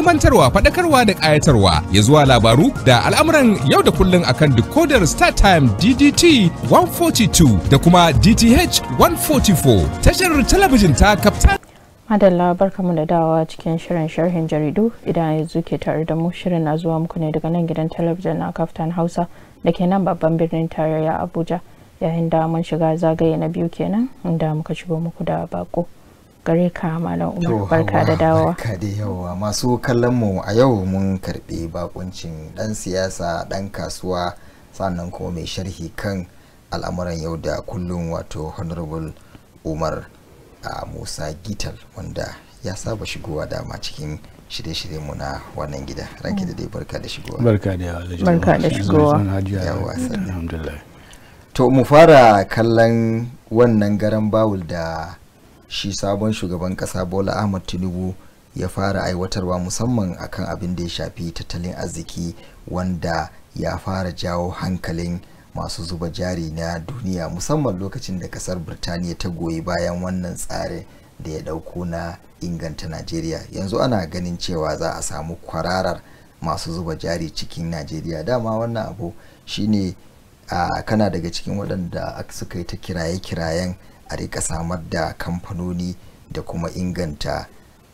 ilmantarwa faɗakarwa da ƙayatarwa ya zuwa labaru da al'amuran yau da kullun akan decoder star time ddt 142 da kuma dth 144 tashar talabijin ta kaftan madalla barkamu da dawa cikin shirin sharhin jaridu idan yanzu ke tare da mu shirin na zuwa muku ne daga nan gidan talabijin na kaftan hausa da ke nan babban birnin tarayya abuja yayin da mun shiga zagaye na biyu kenan inda muka shigo muku da bako gare ka malam umar barka da dawowa barka da yawa masu kallon mu a yau mun karbi bakuncin dan siyasa dan kasuwa sannan kuma mai sharhi kan al'amuran yau da kullum wato honorable umar a musa gital wanda ya saba shigowa dama cikin shirye-shirye mu na wannan gida ranke da dai barka da shigowa barka da yawa barka da shigowa yawa alhamdulillah to mu fara kallon wannan garan bawul da shi sabon shugaban kasa bola ahmad tinubu ya fara aiwatarwa musamman akan abin da ya shafi tattalin arziki wanda ya fara jawo hankalin masu zuba jari na duniya musamman lokacin da kasar birtaniya ta goyi bayan wannan tsarin da ya dauko na inganta najeriya yanzu ana ganin cewa za a samu kwararar masu zuba jari cikin najeriya dama wannan abu shine a kana daga cikin waɗanda suka yi ta kiraye-kirayen a rika samar da kamfanoni da kuma inganta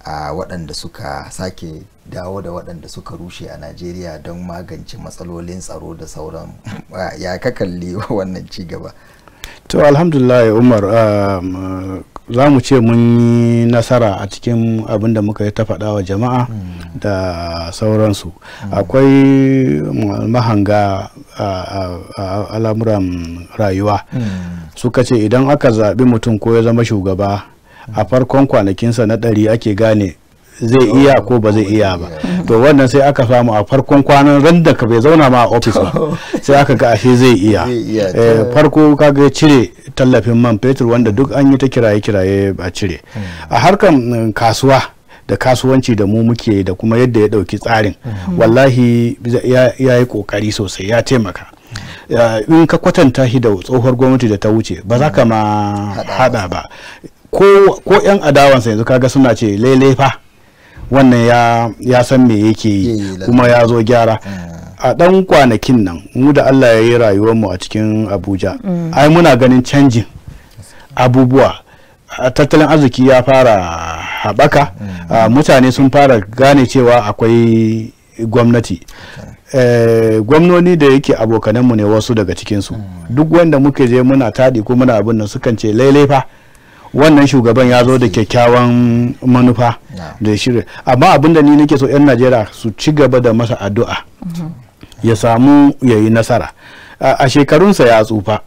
a waɗanda suka sake dawo da waɗanda suka rushe a najeriya don magance matsalolin tsaro da sauran ya ka wannan cigaba to alhamdulillah umar um, za mu ce mun yi nasara a cikin abin da muka yi ta faɗa wa jama'a da sauransu akwai mahanga a al'amuran rayuwa suka ce idan aka zaɓi mutum ko ya zama shugaba a farkon kwanakinsa na ɗari ake gane zai iya ko ba zai iya ba to wannan sai aka samu a farkon kwanan ran da ka bai zauna ma a ofis ba sai aka ga ashe zai iya eh, farko kaga cire tallafin man fetur wanda duk an yi ta kiraye kiraye a cire hmm. a harkan mm, kasuwa da kasuwanci da mu muke da kuma yadda ya dauki tsarin hmm. wallahi ya yi kokari sosai ya taimaka in ka kwatanta shi da tsohuwar gwamnati da ta wuce ba za ka ma hmm. hada ba ko 'yan adawansa yanzu kaga suna ce lele fa wannan ya san me yake yi kuma ya zo gyara mm. a dan kwanakin nan mu da Allah ya yi rayuwar mu a cikin Abuja mm. ai muna ganin canjin abubuwa tattalin arziki ya fara haɓaka mm. mutane sun fara gane cewa akwai gwamnati eh, gwamnoni da yake abokananmu ne wasu daga cikinsu duk wanda muke je muna taɗi ko muna abin nan sukan ce lailai fa wannan shugaban ya zo da kyakkyawan manufa da ya shirya amma abinda ni nake so 'yan najeriya su ci gaba da masa addu'a ya samu ya yi nasara a shekarunsa ya tsufa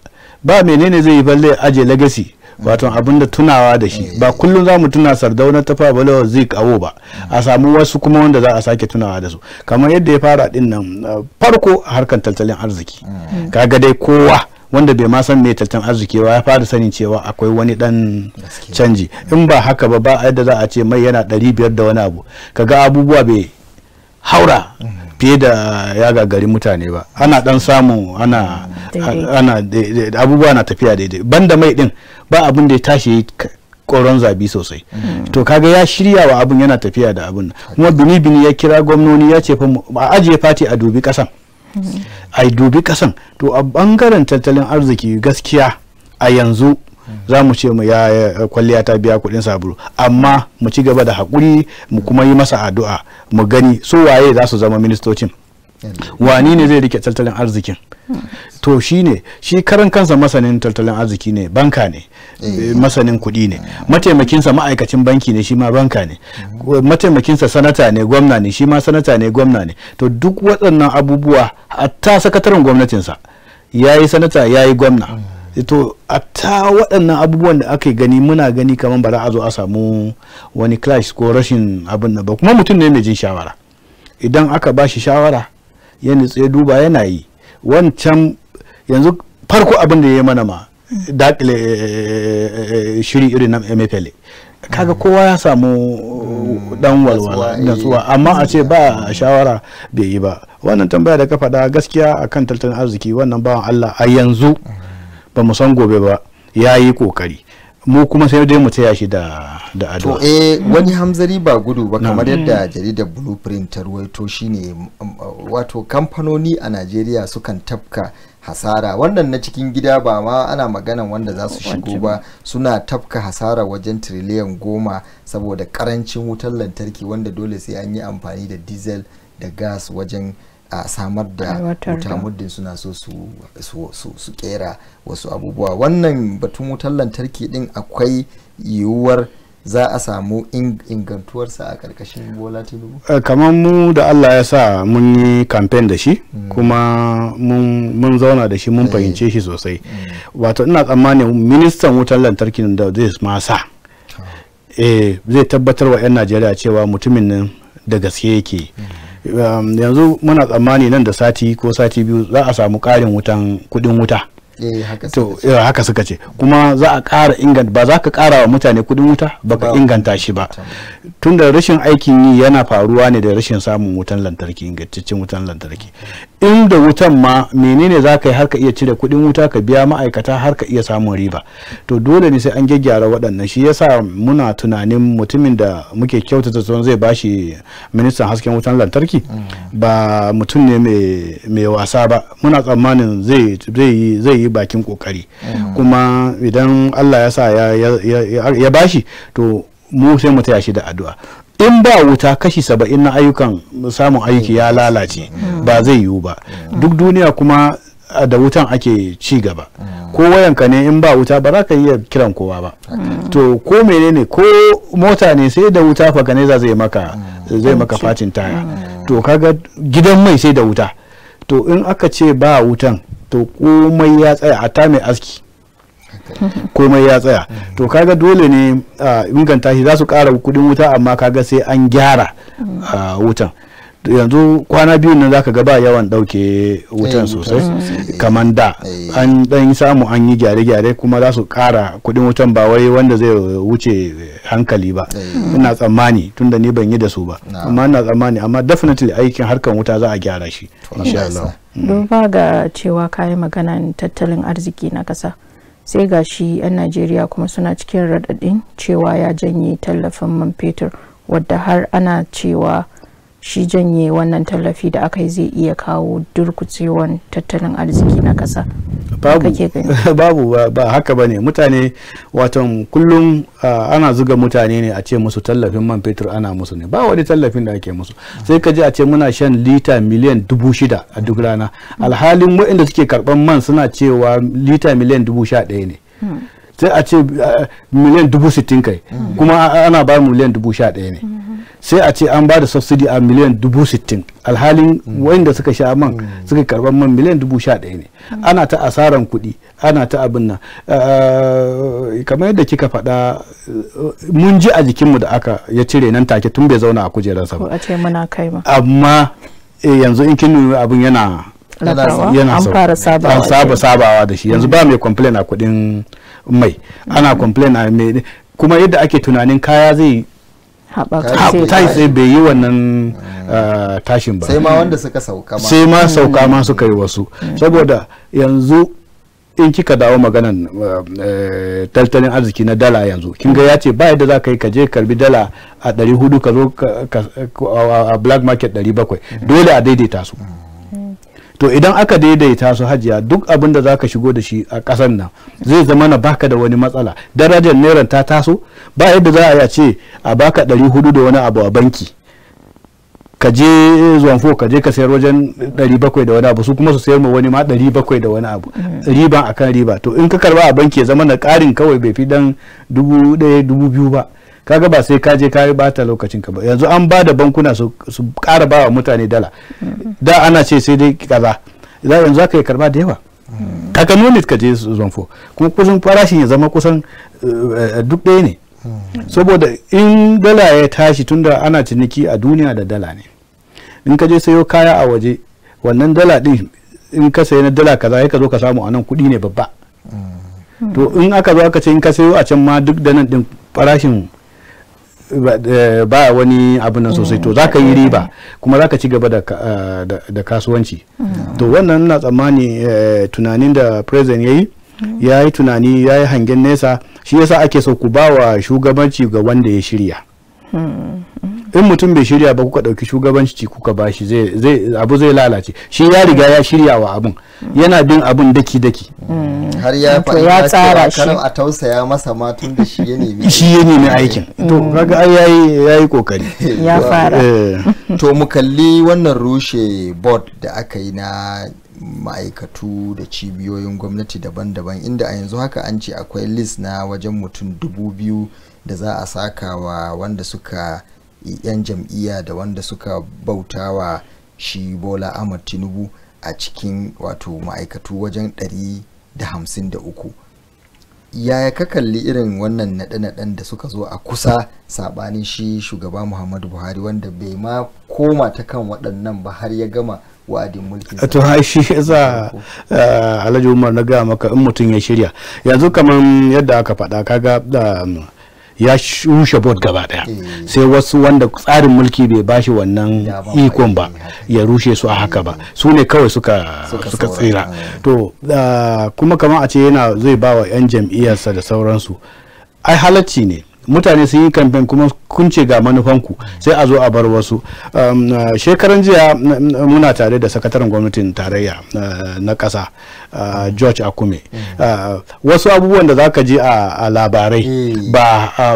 ba menene zai yi balle aje legacy wato abin da tunawa da shi ba kullum za mu tuna sardauna ta fabalawa zai kawo ba a samu wasu kuma wanda za a sake tunawa da su kamar yadda ya fara din nan farko harkar tattalin arziki mm. kaga dai kowa wanda bai ma san me tattalin arziki ba ya fara sanin cewa akwai wani dan canji in ba haka ba ba yadda za a ce mai yana 500 da wani abu kaga abubuwa bai haura fiye da ya gagari mutane ba ana dan samu ana ana abubuwa na tafiya daidai banda mai din ba abin da ya tashi koron zabi sosai mm. to kaga ya shirya wa abun yana tafiya da abun kuma bini bini ya kira gwamnoni ya ce a ajiye fati a dubi kasan a dubi kasan to a bangaren tattalin arziki gaskiya a yanzu za mu ce mu ya kwalliya ta biya kuɗin sabulu amma mu ci gaba da haƙuri mu kuma yi masa addu'a mu gani su waye za su zama ministocin wani ne zai rike tattalin arzikin to shi ne shi karan kansa masanin tattalin arziki ne banka ne eh. masanin kuɗi ne mataimakinsa ma'aikacin banki ne shi ma banka ne mataimakinsa sanata ne gwamna ne shi ma sanata ne gwamna ne to duk waɗannan abubuwa hatta sakataren gwamnatinsa ya yi sanata ya yi gwamna hmm. to a ta waɗannan abubuwan da aka gani muna gani kamar ba a zo a samu wani clash ko rashin abin da ba kuma mutum ne mai jin shawara idan aka ba shi shawara ya nitse duba yana yi wancan yanzu farko abin da ya yi mana ma dakile eh, eh, eh, shiri irin na mfl kaga mm. kowa ya samu mm. dan walwala natsuwa amma a ce ba shawara bai yi ba wannan tambaya da ka faɗa gaskiya a kan tattalin arziki wannan bawan allah a yanzu mm. ba mu san gobe ba ya yi kokari mu kuma sai dai mu taya shi da da addu'a to eh wani hamzari ba gudu ba kamar hmm. yadda jaridar blueprint ta ruwaito shine mm, mm, uh, wato kamfanoni a Najeriya sukan tafka hasara wannan na cikin gida ba ma ana maganan wanda za su shigo ba suna tafka hasara wajen tiriliyan goma saboda karancin wutar lantarki wanda dole sai an yi amfani da diesel da gas wajen a samar da wuta muddin suna so su kera wasu abubuwa wannan batun wutar lantarki din akwai yiwuwar za a samu ingantuwarsa a karkashin bola tinubu eh, kamar mu da allah ya sa mun yi kamfen da shi mm. kuma mun zauna da shi mun eh. fahimce shi sosai mm. wato ina tsammanin ministan wutar lantarki da zai masa ah. eh, zai tabbatar wa 'yan najeriya cewa mutumin nan da gaske yake mm. Um, yanzu muna tsammani nan da sati ko sati biyu za a samu karin wutan kuɗin wuta eh, to eh, haka suka ce kuma za a ƙara inganta ba za ka ƙara wa mutane kuɗin wuta ba ka inganta shi ba tunda rashin aikin yi yana faruwa ne da rashin samun wutan lantarki ingantaccen wutan lantarki inda wutan ma menene za ka yi har ka iya cire kuɗin wuta ka biya ma'aikata har ka iya samun riba to dole ne sai an gyaggyara waɗannan shi yasa muna tunanin mutumin da muke kyautata son zai bashi ministan hasken wutan lantarki mm. ba mutum ne mai wasa ba muna tsammanin zai yi bakin kokari mm. kuma idan allah ya sa ya bashi to mu sai mu taya shi da addu'a in ba wuta kashi saba'in na ayyukan samun aiki ya lalace ba zai yiwu ba duk duniya kuma da wutan ake ci gaba ko wayanka ne in ba wuta ba za ka iya kiran kowa ba to ko menene ko mota ne sai da wuta faganeza zai maka zai maka fatin taya mm. to kaga gidan mai sai da wuta to in aka ce ba wutan to komai ya tsaya a ta mai aski komai ya tsaya to kaga dole ne inganta shi za su kara kudin wuta amma kaga sai an gyara wutan yanzu kwana biyu nan zaka ga ba yawan dauke eh, wutan sosai kamar da eh. an dan samu an yi gyare-gyare kuma za su kara kudin wutan ba wai wanda zai wuce hankali ba eh. ina tsammani tunda ni ban yi da su ba amma ina tsammani amma definitely aikin harkan wuta za a gyara shi insha Allah mm. duba ga cewa kayi magana tattalin arziki na kasa sai ga shi 'yan najeriya kuma suna cikin raɗaɗin cewa ya janye tallafin man fetur wadda har ana cewa shi janye wannan tallafi da aka yi zai iya kawo durkucewan tattalin arziki na ƙasa babu ba haka ba ne mutane watan kullum ana zuga mutane ne a ce musu tallafin man fetur ana musu ne ba wani tallafin da ake musu sai ka ji a ce muna shan lita miliyan dubu shida a duk rana hmm. alhalin wa'inda suke karɓan man suna cewa lita miliyan dubu sha ɗaya ne hmm. sai a ce miliyan dubu sittin kai mm. kuma ana ba miliyan dubu sha ɗaya ne mm-hmm. sai a ce an ba da subsidy a miliyan dubu sittin alhalin mm. wanda suka sha man mm. suka karban man miliyan dubu sha ɗaya ne ana ta asaran kuɗi ana ta abin nan kamar yadda kika faɗa mun ji a jikinmu da aka ya cire nan take tun bai zauna a sa ba amma eh, yanzu in kin nuna abin yana yana an fara sabawa da shi yanzu ba mai complain a kuɗin mai ana complain a mai kuma yadda ake tunanin kaya zai tai sai bai yi wannan ah, tashin ba sai ma wanda suka sauka ma sai ma sauka ma suka yi wasu mm. saboda yanzu in kika dawo maganan ah, eh, tattalin arziki na dala yanzu kin ga ya ce ba yadda za ka yi ka je karbi dala a 400 ka zo a black market 700 mm. dole a daidaita su mm. to idan aka daidaita su hajiya duk abin da ka shigo da shi a ƙasar nan zai zama na baka da wani matsala darajar naira ta taso ba yadda za a yi a ce a baka ɗari hudu da wani abu a banki ka je zuwanfo ka je ka sayar wajen ɗari bakwai da wani abu su kuma su sayar ma wani ma ɗari bakwai da wani abu mm. riban akan riba to in ka karba a banki ya zama na karin kawai bai fi dan biyu ba kaga ba sai ka je ka yi bata lokacin ka ba yanzu an ba da bankuna su kara ba wa mutane dala da ana ce sai dai kaza yanzu za ka yi karba da yawa kaga nonit ka je zonfo kuma kusan farashin ya zama kusan eh, eh, duk ɗaya ne saboda in dala ya tashi tunda ana ciniki a duniya da dala ne in ka je sayo kaya a waje wannan dala din in ka sayi na dala kaza ka zo ka samu a nan kuɗi ne babba hmm. to in aka zo aka ce in ka sayo a can ma duk da nan din farashin Eh, ba wani abu nan sosai to mm. zaka yi riba mm. kuma zaka ci gaba da eh, kasuwanci mm. to wannan na tsammani eh, tunanin da president ya yi tunani ya yi hangen nesa shi yasa ake so ku ba wa shugabanci ga wanda ya shirya in mutum bai shirya ba kuka ɗauki shugabanci kuka bashi zai zai abu zai lalace shi ya riga ya shirya wa abun yana bin abun daki daki mm. har ya ya tsara shi a tausaya masa ma da shi ya nemi shi ya nemi aikin mm. to kaga ai yayi yayi kokari ya fara eh. to mu kalli wannan rushe board da aka yi na ma'aikatu da cibiyoyin gwamnati daban-daban inda a yanzu haka an ce akwai list na wajen mutum dubu biyu da za a sakawa wanda suka 'yan jam'iyya da wanda suka bautawa shi bola ahmad tinubu a cikin wato ma'aikatu wajen 153 ya ka kalli irin wannan naɗe-naɗen da suka zo a kusa saɓanin shi shugaba muhammadu buhari wanda bai ma koma ta kan waɗannan ba har ya gama wa'adin mulkin to har shi yasa eh, alhaji umar na gaya maka in mutum ya shirya yanzu kamar yadda aka faɗa kaga um, ya rushe board gaba daya eh. sai wasu wanda tsarin mulki bai bashi wannan ikon ba ya rushe su a haka ba su ne kawai suka suka tsira eh. to kuma kamar a ce yana zai ba wa 'yan jam'iyyarsa da sauransu ai halacci ne mutane sun yi kamfen kuma kun ce ga manufanku sai a zo a bar wasu um, uh, shekaran jiya muna tare da sakataren gwamnatin tarayya uh, na kasa uh, george akume mm. wasu abubuwan da za ka ji a labarai eh.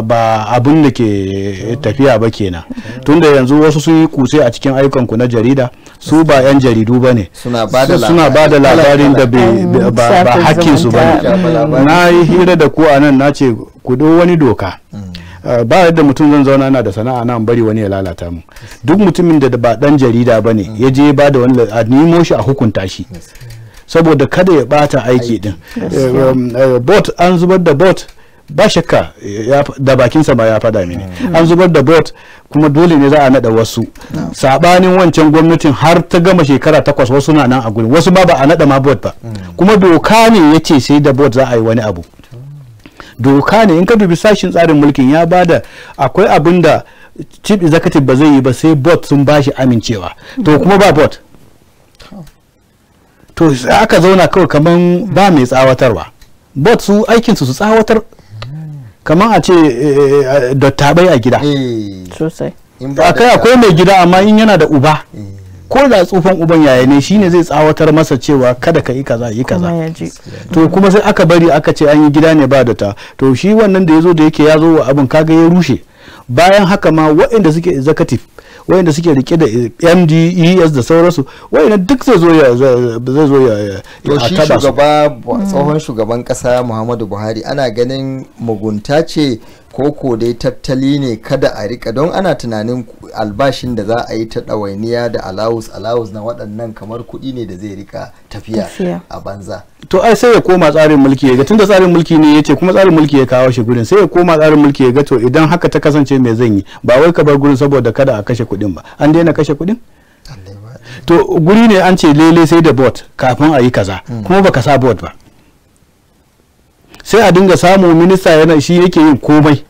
ba abin da ke tafiya ba kenan tunda yanzu wasu sun yi kuse a cikin ayyukanku na jarida su ba 'yan jaridu ba ne suna ba da labarin da ba hakkinsu ba ne na yi hira da ku a nan na ce ku wani doka mm. ah, ba yadda mutum zan zauna na da sana'a nan bari wani ya lalata mu duk mutumin da ba dan jarida ba ne mm. ya je ba da wani a nemo shi a hukunta shi saboda kada ya bata aiki din eh, um, eh, bot an zubar da bot ba shakka eh, da bakinsa ba ya fada mini mm. an zubar da bot kuma dole ne za a nada wasu sabanin wancan gwamnatin har ta gama shekara takwas wasu na nan a gurin wasu ba ba a nada ma bot ba kuma doka ne ya ce sai da bot za a yi wani abu doka ne in ka dubi sashin tsarin mulkin ya bada akwai abin da chief executive ba zai yi ba sai board sun bashi amincewa to kuma ba board to sai aka zauna kawai kaman ba mai tsawatarwa board su aikinsu su tsawatar kaman a ce eh, eh, eh, dattabai a gida sosai akwai mai gida amma in yana da uba ko da tsufan uban yaya ne shine zai tsawatar masa cewa kada ka yi kaza yi kaza to kuma sai aka bari aka ce an yi gida ne ba da ta to shi wannan da yazo zo da yake ya zo wa abin kaga ya rushe bayan haka ma waɗanda suke executive waɗanda suke rike da eh, mdes da sauransu waɗanda duk zai zo ya zai zo ya shugaba mm. tsohon shugaban kasa muhammadu buhari ana ganin mugunta ce koko dai tattali ne kada a rika don ana tunanin albashin da za a yi ta ɗawainiya da alawus alawus na waɗannan kamar kuɗi ne da zai rika tafiya a banza to ai sai ya koma tsarin mulki ya ga tunda tsarin mulki ne yace kuma tsarin mulki ya kawo shi gurin sai ya koma tsarin mulki ya ga to idan haka ta kasance mai zan yi ba wai ka bar gurin saboda kada a kashe kuɗin ba an daina kashe kuɗin to guri ne an ce lele sai da bot kafin a yi kaza hmm. kuma baka sa bot ba sai a dinga samu minista yana shi yake yin komai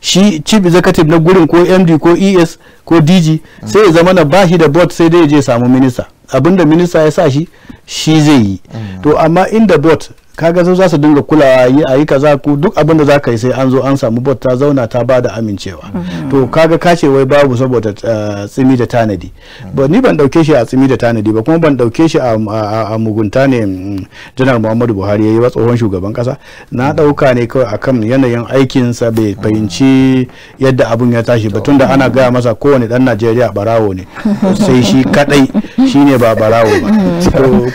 shi chief executive na gurin ko md ko es ko dg sai ya zama na bashi da bot sai dai ya je samu minista abinda minista ya sa shi shi zai yi mm. to amma inda bot kaga zo za su dinga kulawa yi a yi kaza ku duk abin da za ka yi sai an zo an samu bot ta zauna ta ba da amincewa to mm-hmm. kaga kace wai babu saboda eh, tsimi da tanadi mm-hmm. ba ni ban dauke shi a tsimi da tanadi ba kuma ban dauke shi a mugunta ne mm, janar muhammadu buhari ya yi wa tsohon shugaban kasa na dauka mm-hmm. ne kawai akan yanayin aikinsa bai fahimci yadda abun ya tashi ba tunda ana gaya masa kowane dan najeriya barawo ne sai shi kadai shine ba barawo ba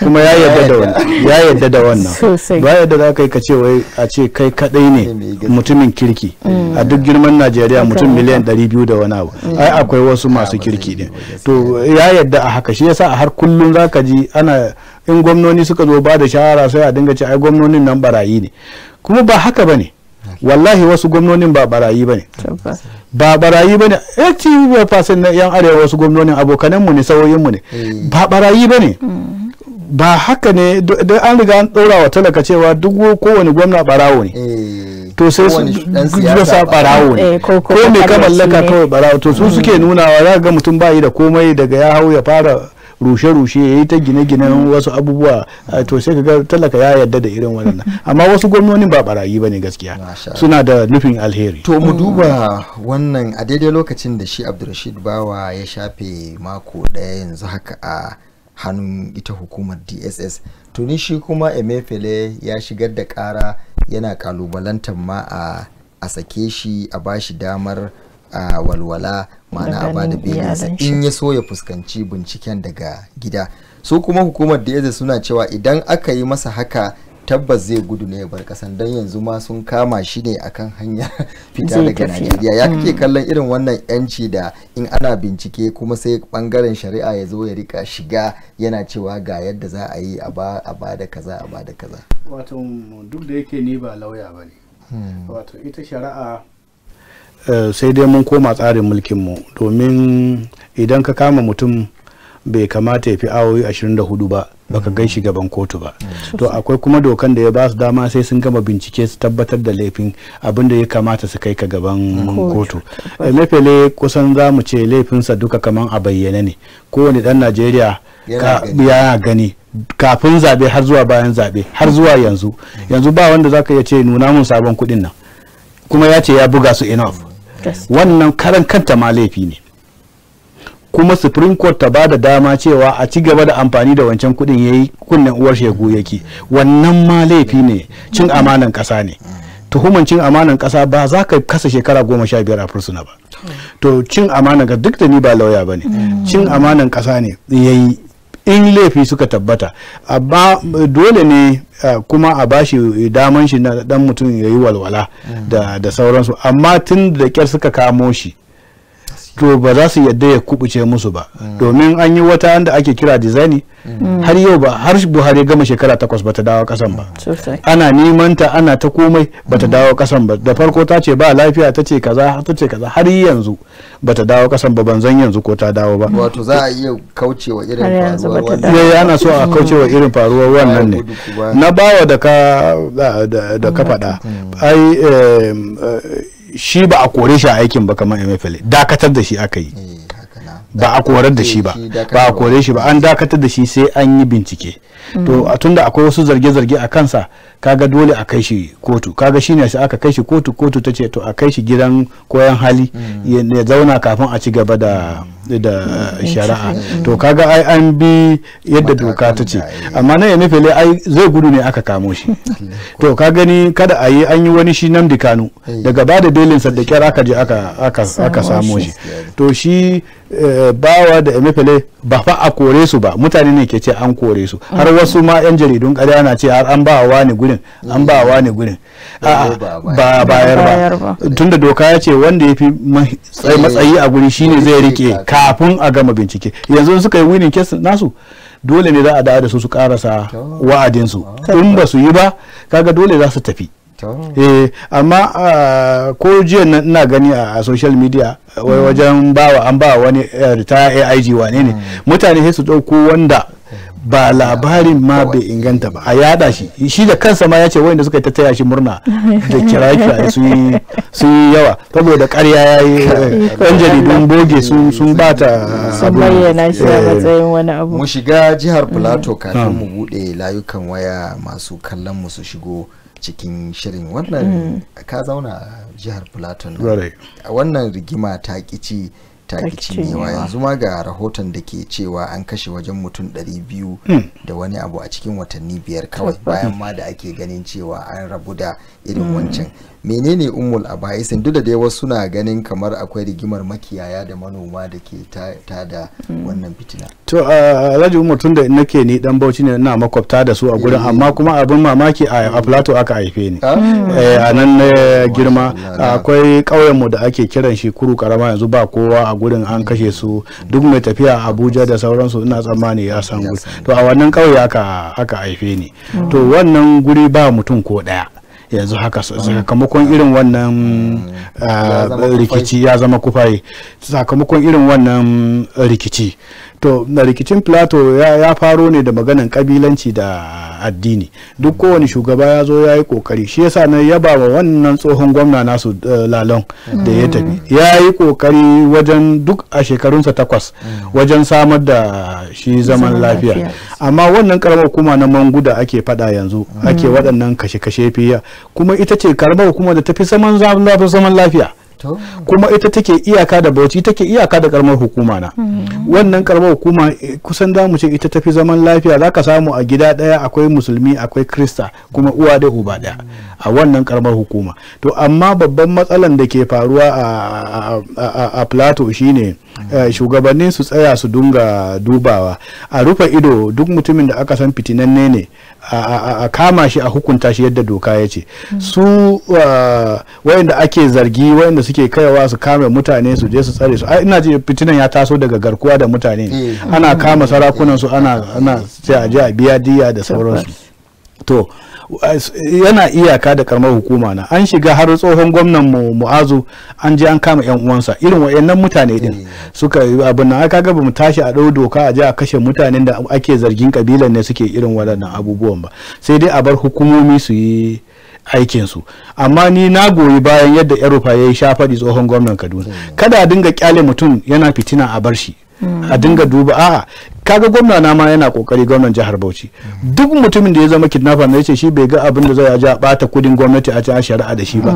kuma ya yarda da wannan sosai ba yadda za ka yi ka ce wai a ce kai kadai ne mutumin kirki a duk girman najeriya mutum miliyan 200 da wani abu mm. ai akwai wasu masu kirki ne to ya yadda a haka shi yasa a har kullum za ka ji ana in gwamnoni suka zo ba da shawara sai a dinga ce ai gwamnonin nan barayi ne kuma ba haka ba ne wallahi wasu gwamnonin ba barayi ba ne ba barayi ba ne 85% na yan arewa wasu gwamnonin mu ne mu ne eh. ba barayi ba ne mm. ba haka ne da an riga an ɗora wa talaka cewa duk kowane gwamna barawo ne eh, to sai su sa barawo ne eh, ko mai ka mallaka kawai barawo to su mm. suke nunawa za ga mutum bayi da komai daga ya hau ya fara rushe-rushe ya yi ta gine-ginen mm. wasu abubuwa to sai ga talaka ya yarda da irin wannan amma wasu gwamnonin ba barayi ba ne gaskiya suna da nufin alheri to mu mm. duba wannan a daidai lokacin da shi abdulrashid bawa ya shafe mako daya yanzu haka a hannun ita hukumar dss tuni shi kuma emefele ya shigar da kara yana kalubalantar ma a, a sake shi a bashi damar a walwala mana a bada belinsa in ya so ya fuskanci binciken daga gida su kuma hukumar dss suna cewa idan aka yi masa haka tabbas zai gudu ne ya bar kasan don yanzu ma sun kama shi ne akan hanyar fita daga Najeriya ya kake hmm. kallon irin wannan yanci da in ana bincike kuma sai bangaren shari'a ya zo ya rika shiga yana cewa ga yadda za a yi a ba da kaza a ba da kaza wato duk da yake ni ba lauya ba ne hmm. wato ita shari'a eh, sai dai mun koma tsarin mulkinmu domin idan ka kama mutum bai kamata ya fi awoyi 24 ba baka mm. gan shi gaban kotu ba mm. to akwai kuma dokan da ya ba su dama sai sun gama bincike su tabbatar da laifin abin da ya kamata su kai ka gaban mm. kotu mefele kusan za mu ce laifinsa duka kaman a bayyane ne kowane dan najeriya ya gani kafin zabe har zuwa bayan zabe har zuwa yanzu yanzu ba wanda zaka iya ce nuna mun sabon kuɗin nan kuma ya ce ya buga su enough wannan karan kanta ma laifi ne kuma supreme court ta bada dama cewa a ci gaba da amfani da wancan kudin yayi kunnen uwar shegu yake wannan ma laifi ne cin amanan kasa ne tuhuman cin amanan kasa ba za ka kasa shekara goma sha biyar a fursuna ba to cin amanan ga duk da ni ba lauya ba ne cin amanan kasa ne yayi in laifi suka tabbata amma dole ne eh, kuma a bashi daman shi na dan mutum ya yi walwala da, da sauransu amma tun da kyar suka kamo shi to ba za su yadda ya kubuce musu ba domin an yi wata da ake kira dizaini har yau ba har buhari gama shekara takwas ba ta dawo kasan ba ana neman ta ana ta komai ba ta dawo kasan ba da farko ta ce ba lafiya ta ce kaza ta ce kaza har yanzu ta dawo kasan ba ban zan yanzu ko ta dawo ba wato za a iya kaucewa irin faruwa wannan eh, ana so a kaucewa irin faruwa wannan ne na bawa da ka da ka faɗa hmm. ai eh, eh, shi ba a kore shi a aikin ba kamar mfl dakatar da shi aka yi eh, ba a korar da shi ba ba a kore shi ba an dakatar da shi sai an yi bincike to mm. a tunda akwai wasu zarge-zarge a kansa kaga dole a kai shi kotu kaga shi sai aka kai shi kotu kotu ta ce to a kai shi gidan koyon hali mm. ya zauna kafin a ci gaba da da mm, shari'a mm, mm, to kaga ai an bi yadda doka ta ce amma na ya nufi ai zai gudu ne aka kamo shi to ka gani kada a yi an yi wani shi namdi kanu daga ba da sa da kyar aka je aka samo shi to shi eh, bawa da emefele ba fa a kore su ba mutane ne ke ce an kore su har wasu ma yan jaridun ƙarya na ce har an ba wa ne gurin an ba wa ne gurin ba bayar ba tunda doka ya ce wanda ya fi matsayi a guri shine zai rike kafin a gama bincike yanzu suka yi winning case nasu dole ne za a dawo da su su karasa wa'adinsu in ba su yi ba kaga dole za su tafi eh amma ah, ko jiya nan ina gani a social media hmm. wajen bawa an ba wani eh, retire aig wane ne hmm. mutane sai su dauko wanda ba labarin ma bai inganta ba a yada shi shi da kansa ma ya ce wanda suka ta taya shi murna da kira kira sun yi yawa saboda karya ya yi ɗan jaridun boge sun ba ta sun bayyana shi a eh. matsayin wani abu mu shiga jihar plateau mm. kafin mm. mu bude layukan waya masu kallon mu su shigo cikin shirin wannan mm. ka zauna jihar plateau wannan rigima ta kici taki cinyewa yanzu ma ga rahoton da ke cewa an kashe wajen mutum 200 hmm. da wani abu a cikin watanni biyar kawai bayan ma da ake ganin cewa an rabu da irin hmm. wancan menene umul aba'isin duk da dai wasu suna ganin kamar akwai rigimar makiyaya da manoma da ke ta da mm. wannan fitina to uh, alhaji umar tunda nake ni dan bauchi ne ina makwabta da su a gurin eh. amma kuma abin mamaki a plato aka haife ni ah. eh, a nan na girma akwai ƙauyen mu da ake kiran shi kuru karama yanzu ba kowa a gurin an kashe su duk mai tafiya abuja da sauransu ina tsammani ya san to a wannan ƙauye aka haife ni mm. to wannan guri ba mutum ko ɗaya yanzu haka mm. ah, sakamakon irin wannan rikici ya zama kufaye sakamakon irin wannan rikici to na rikicin plato ya, ya faro ne da maganan kabilanci da addini duk kowane shugaba ya zo ya yi kokari shi yasa na yaba wa wannan tsohon gwamna nasu uh, eh, lalon da ya tafi mm. ya yi kokari wajen duk a shekarunsa takwas mm. wajen samar da shi zaman lafiya amma wannan karamar kuma na mangu da ake fada yanzu ake mm. waɗannan kashe-kashe fiya kuma ita ce karamar kuma da tafi zaman lafiya kuma ita take iyaka da bauchi take iyaka da karamar hukuma na hmm. wannan karamar hukuma eh, kusan da mu ce ita tafi zaman lafiya zaka samu a gida daya akwai musulmi akwai krista kuma uwa da uba daya a wannan karamar hukuma to amma babban matsalan da ke faruwa a plateau shine eh, shugabannin su tsaya su dunga dubawa a rufe ido duk mutumin da aka san fitinanne ne a kama shi a hukunta shi yadda doka ya ce su uh, wayanda ake zargi wayanda suke kaiwa su kame mutane su je su tsare su ina ji fitinan ya taso daga garkuwa da mutane eh. ana kama sarakunan su ana sai a je a biya diya da sauransu to yana iyaka da karamar hukuma na an shiga har tsohon gwamnan mu mu'azu an je an kama yan uwansa irin wayannan mutane din suka abin nan aka ga bamu tashi a dau doka a je a kashe mutanen da ake zargin kabilan ne suke irin waɗannan abubuwan ba sai dai a bar hukumomi su yi aikinsu amma ni na goyi bayan yadda yarufa ya yi shafaɗi tsohon gwamnan kaduna kada a dinga kyale mutum yana fitina a bar shi a dinga duba a'a kaga gwamna na ma yana kokari gwamnan jihar Bauchi duk mutumin da ya zama kidnapper ne yace shi bai ga abin da zai ja bata kudin gwamnati a ci a shari'a da shi ba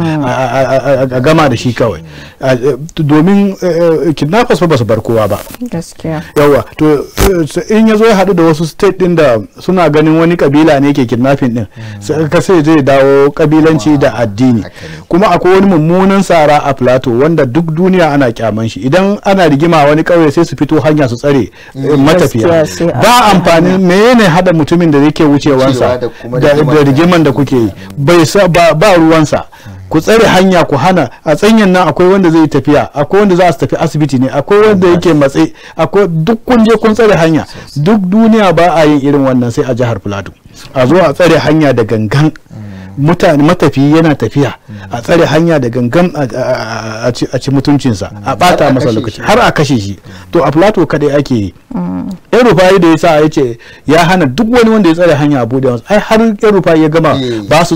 a gama da shi kawai eh, domin eh, eh, kidnappers ba su bar kowa ba gaskiya yawa to in ya zo ya hadu da wasu state din da suna ganin wani kabila ne ke kidnapping din hmm. ka sai zai dawo kabilanci da addini kuma akwai wani mummunan sara a plateau wanda duk duniya ana kyaman shi idan ana rigima wani kauye sai su fi. fito hanya su tsare eh, matafiya ba amfani menene hada mutumin da yake wucewansa da rigiman da kuke yi ba ruwansa ku tsare hanya ku hana a tsanyen nan akwai wanda zai tafiya akwai wanda za su tafi asibiti ne akwai wanda yake matsi akwai duk kun je kun tsare hanya duk duniya ba a yin irin wannan sai a jihar plateau a zo a tsare hanya da gangan mutane matafi yana tafiya a mm. tsare hanya da gangan a ci mutuncinsa mm. a bata masa lokaci har a kashe shi mm. to a plato kadai ake yi yan rufayi da ya sa ya ce ya hana duk wani wanda ya tsare hanya a bude wasu ai har yan rufayi ya gama eh, ba su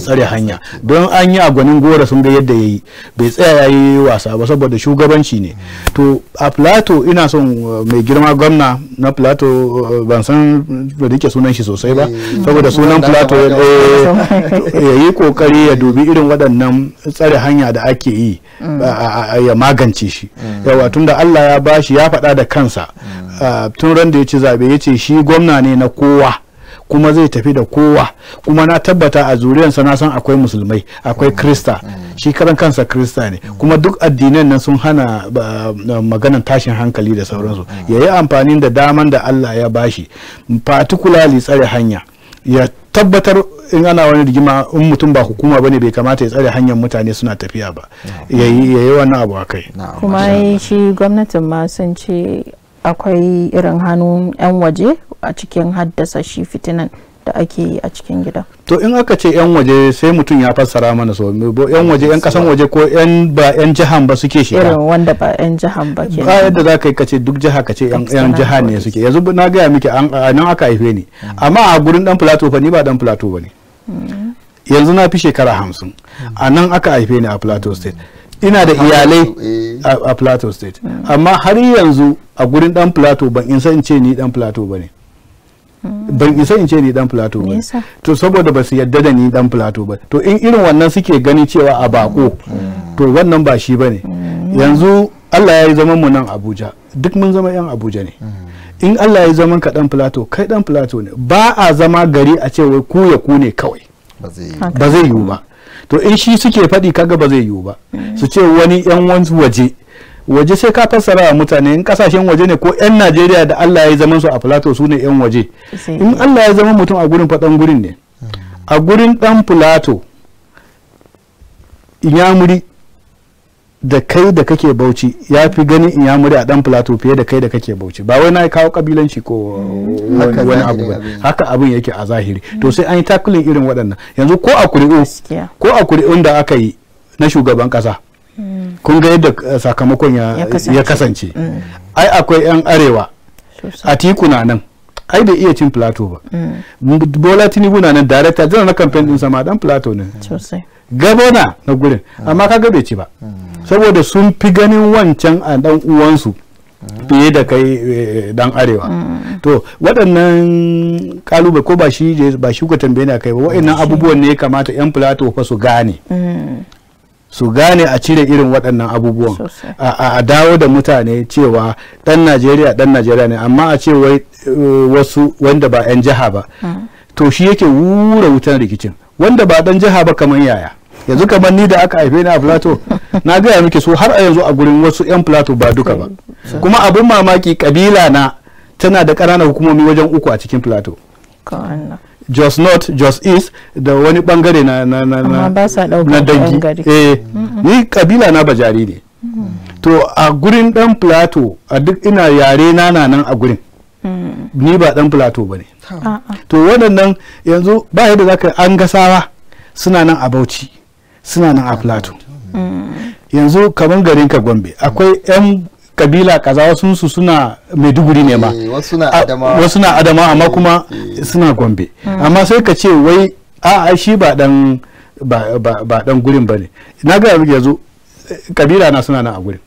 tsare hanya don an yi a gwanin gora sun ga yadda ya yi bai tsaya ya yi wasa ba saboda shugabanci ne to a plato ina son uh, mai girma gwamna na plato uh, ban san da rike sunan shi sosai ba eh, saboda sunan plato ya yi kokari ya dubi irin waɗannan tsare hanya da ake yi mm. ya magance shi mm. yawa tun da Allah ya bashi ya faɗa da kansa mm. tun ran da ya ci zaɓe ya ce shi gwamna ne na kowa kuma zai tafi da kowa kuma na tabbata a zuriyarsa na san akwai musulmai akwai krista shi karan kansa krista ne kuma duk addinan nan sun hana maganan tashin hankali da sauransu ya yi amfani da daman da allah ya bashi particularly tsare hanya ya tabbatar in ana wani rigima in mutum ba hukuma bane bai kamata ya tsare hanyar mutane suna tafiya ba ya yi wannan abu a kai kuma shi gwamnatin ma sun ce akwai irin hannun 'yan waje a cikin haddasa shi fitinan da ake yi a cikin gida to in aka ce yan waje sai mutum ya fassara mana so yan waje yan kasan waje ko yan ba yan jihan ba suke shiga irin wanda ba yan jihan ba ke ba yadda za ka yi kace duk jiha kace yan jiha ne suke yanzu na gaya miki nan aka haife ni hmm. amma a gurin dan plato fa ni ba dan plato ba ne hmm. yanzu na fi shekara hamsin a nan aka haife ni a plateau state ina da iyalai eh. a plateau state hmm. amma har yanzu a gurin dan plateau ban in san ce ni dan plateau ba ne ban isa in ce ni dan plato ba to saboda ba su yadda da ni dan plato ba to in irin wannan suke gani cewa a bako mm. to wannan ba shi bane mm. yanzu Allah ya yi zaman mu nan Abuja duk mun zama yan Abuja ne mm. in Allah ya yi zaman ka dan plato kai dan plato ne ba a zama gari a ce wai ku ya ku ne kawai ba zai yiwu ba to in shi suke faɗi kaga ba zai yiwu ba su ce wani yan waje waje sai ka fassara wa mutane in kasashen waje ne ko yan najeriya da allah ya yi zaman su a filato su ne yan waje in allah ya zama mutum a gurin faɗan gurin ne a gurin ɗan filato inyamuri da kai da kake bauchi ya fi ganin inyamuri a ɗan filato fiye da kai da kake bauchi ba wai na kawo kabilanci ko hmm. wani abu ba haka abin yake a zahiri hmm. to sai an yi takulin irin waɗannan yanzu ko a ko a kuri'un da aka yi na shugaban ƙasa kun ga yadda eh, sakamakon ya kasance mm. ai akwai 'yan arewa a tiku na nan ai bai iya cin plato ba mm. bola tinubu na nan director zan na kamfen din sama dan plato ne Gabona na gurin mm. amma kaga bai ci ba saboda sun fi ganin wancan a eh, dan uwansu fiye da kai eh, dan arewa to waɗannan kalube ko ba shi ba shi ku tambaye ni akai ba waɗannan abubuwan ne ya kamata yan plato fa su gane su gane a cire irin waɗannan abubuwan a dawo da mutane cewa ɗan najeriya ɗan najeriya ne amma a ce eh, wasu wanda ba 'yan jiha ba hmm. to shi yake wura wutan rikicin wanda ba ɗan jiha ba kamar yaya yanzu kamar ni da aka haife ni a plato na gaya miki so har a yanzu a gurin wasu 'yan plato ba duka ba kuma abin mamaki kabila na tana da ƙananan hukumomi wajen uku a cikin plato jos not jos east da wani bangare na na na na na dangi eh ni kabila na bajari ne to a gurin dan plato a duk ina yare na nan a gurin mm. ni ba dan plato bane ah, ah. to waɗannan yanzu ba yadda zaka an gasawa suna nan a bauchi suna nan a plato mm. yanzu kamar garin ka gombe akwai yan kabila kaza wasu su suna maiduguri ne ma eh, wasu na adama amma kuma eh, eh. suna gombe hmm. amma sai ka ce wai a shi ba dan ba dan gurin bane na ga yanzu kabila na suna nan a gurin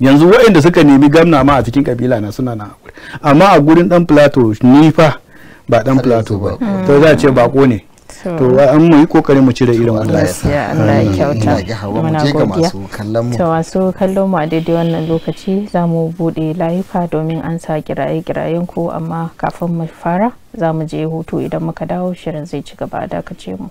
yanzu waɗanda suka nemi gamna ma a cikin kabila na suna nan a gurin amma a gurin dan plato nifa ba dan plato ba to za a ce bako ne to an mu yi kokari mu cire irin wannan sa Allah ya kyauta muna godiya to wasu kallon mu a daidai wannan lokaci za mu bude layuka domin an sa kiraye kirayen ku amma kafin mu fara za mu je hutu idan muka dawo shirin zai ci gaba da kace mu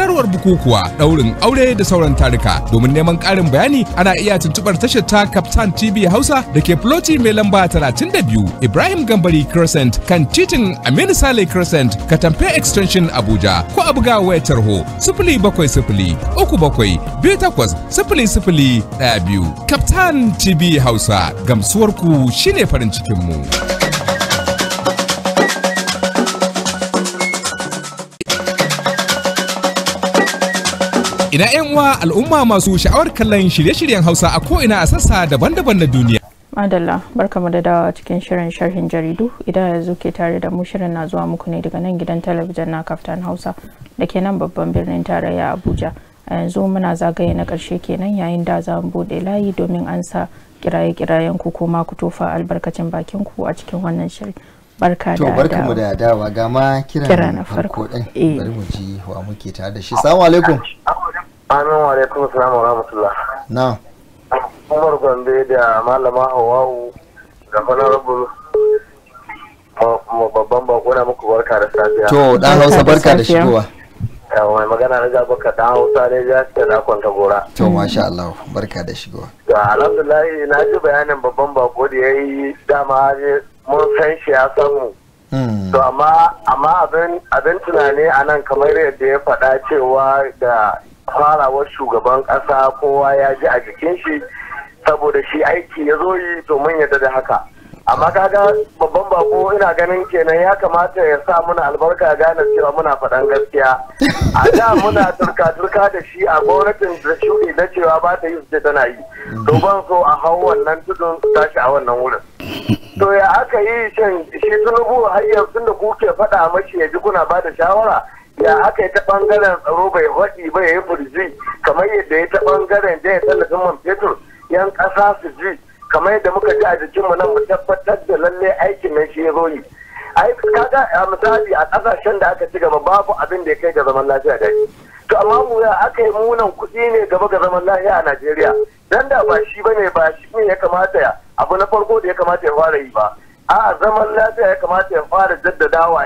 sanarwar bukukuwa daurin aure da sauran tarika domin neman karin bayani ana iya tuntubar tashar ta captain tv hausa da ke floti mai lamba 32 ibrahim gambari crescent kan titin aminu sale crescent katamfe extension abuja ko a buga wayar tarho 070 biyu captain tv hausa gamsuwarku shine farin cikinmu. mu Ina 'yan uwa al'umma masu sha'awar kallon shirye-shiryen Hausa a ko'ina a sassa daban-daban na duniya. Madalla, barka mu da dawa cikin shirin sharhin jaridu idan yanzu ke tare da mu shirin na zuwa muku ne daga nan gidan talabijin na kaftan Hausa da ke nan babban birnin tarayya Abuja. A yanzu muna zagaye na ƙarshe kenan yayin da za mu buɗe layi domin an sa kiraye-kirayen ku kuma ku tofa albarkacin bakin ku a cikin wannan shirin. barka da barka mu da dawa ga kira na farko din eh. bari mu ji wa muke tare da shi assalamu alaikum Amin wa alaikum salam wa rahmatullah. Na. Umar Gombe da Malama Hawawu da Honorable babban bako na muku barka da safiya. To dan Hausa barka da shigowa. Yawa mai magana na jabaka ta Hausa ne ya ce na kwanta gora. To masha Allah barka da shigowa. To alhamdulillah na ji bayanin babban bako da ya yi dama mun san shi ya samu. Hmm. to amma abin abin tunani a nan kamar yadda ya faɗa cewa da farawar shugaban kasa, kowa ya ji a jikin shi saboda shi aiki ya zo yi to mun yarda da haka amma kaga babban bako ina ganin kenan ya kamata ya sa muna albarka gane cewa muna faɗan gaskiya a da muna turka turka da shi a gwamnatin da shuɗi na cewa ba ta yi su tana yi to ban so a hau wannan tudun su tashi a wannan wurin to ya aka yi shan shi tunubu har yanzu da kuke faɗa mashi ya ji kuna ba da shawara ya aka yi ta bangaren tsaro bai haɗi ba ya yi furji kamar yadda ya ta bangaren da ya tallafin man fetur yan ƙasa su ji kamar yadda muka ji a jikin mu nan mu tabbatar da lalle aiki mai shi ya ai kaga a misali a ƙasashen da aka ci gaba babu abin da ya kai ga zaman lafiya da to amma mu ya aka yi munan kuɗi ne gaba ga zaman lafiya a Najeriya dan da ba shi bane ba shi ne ya kamata abu na farko da ya kamata ya fara yi ba a zaman lafiya ya kamata ya fara jaddadawa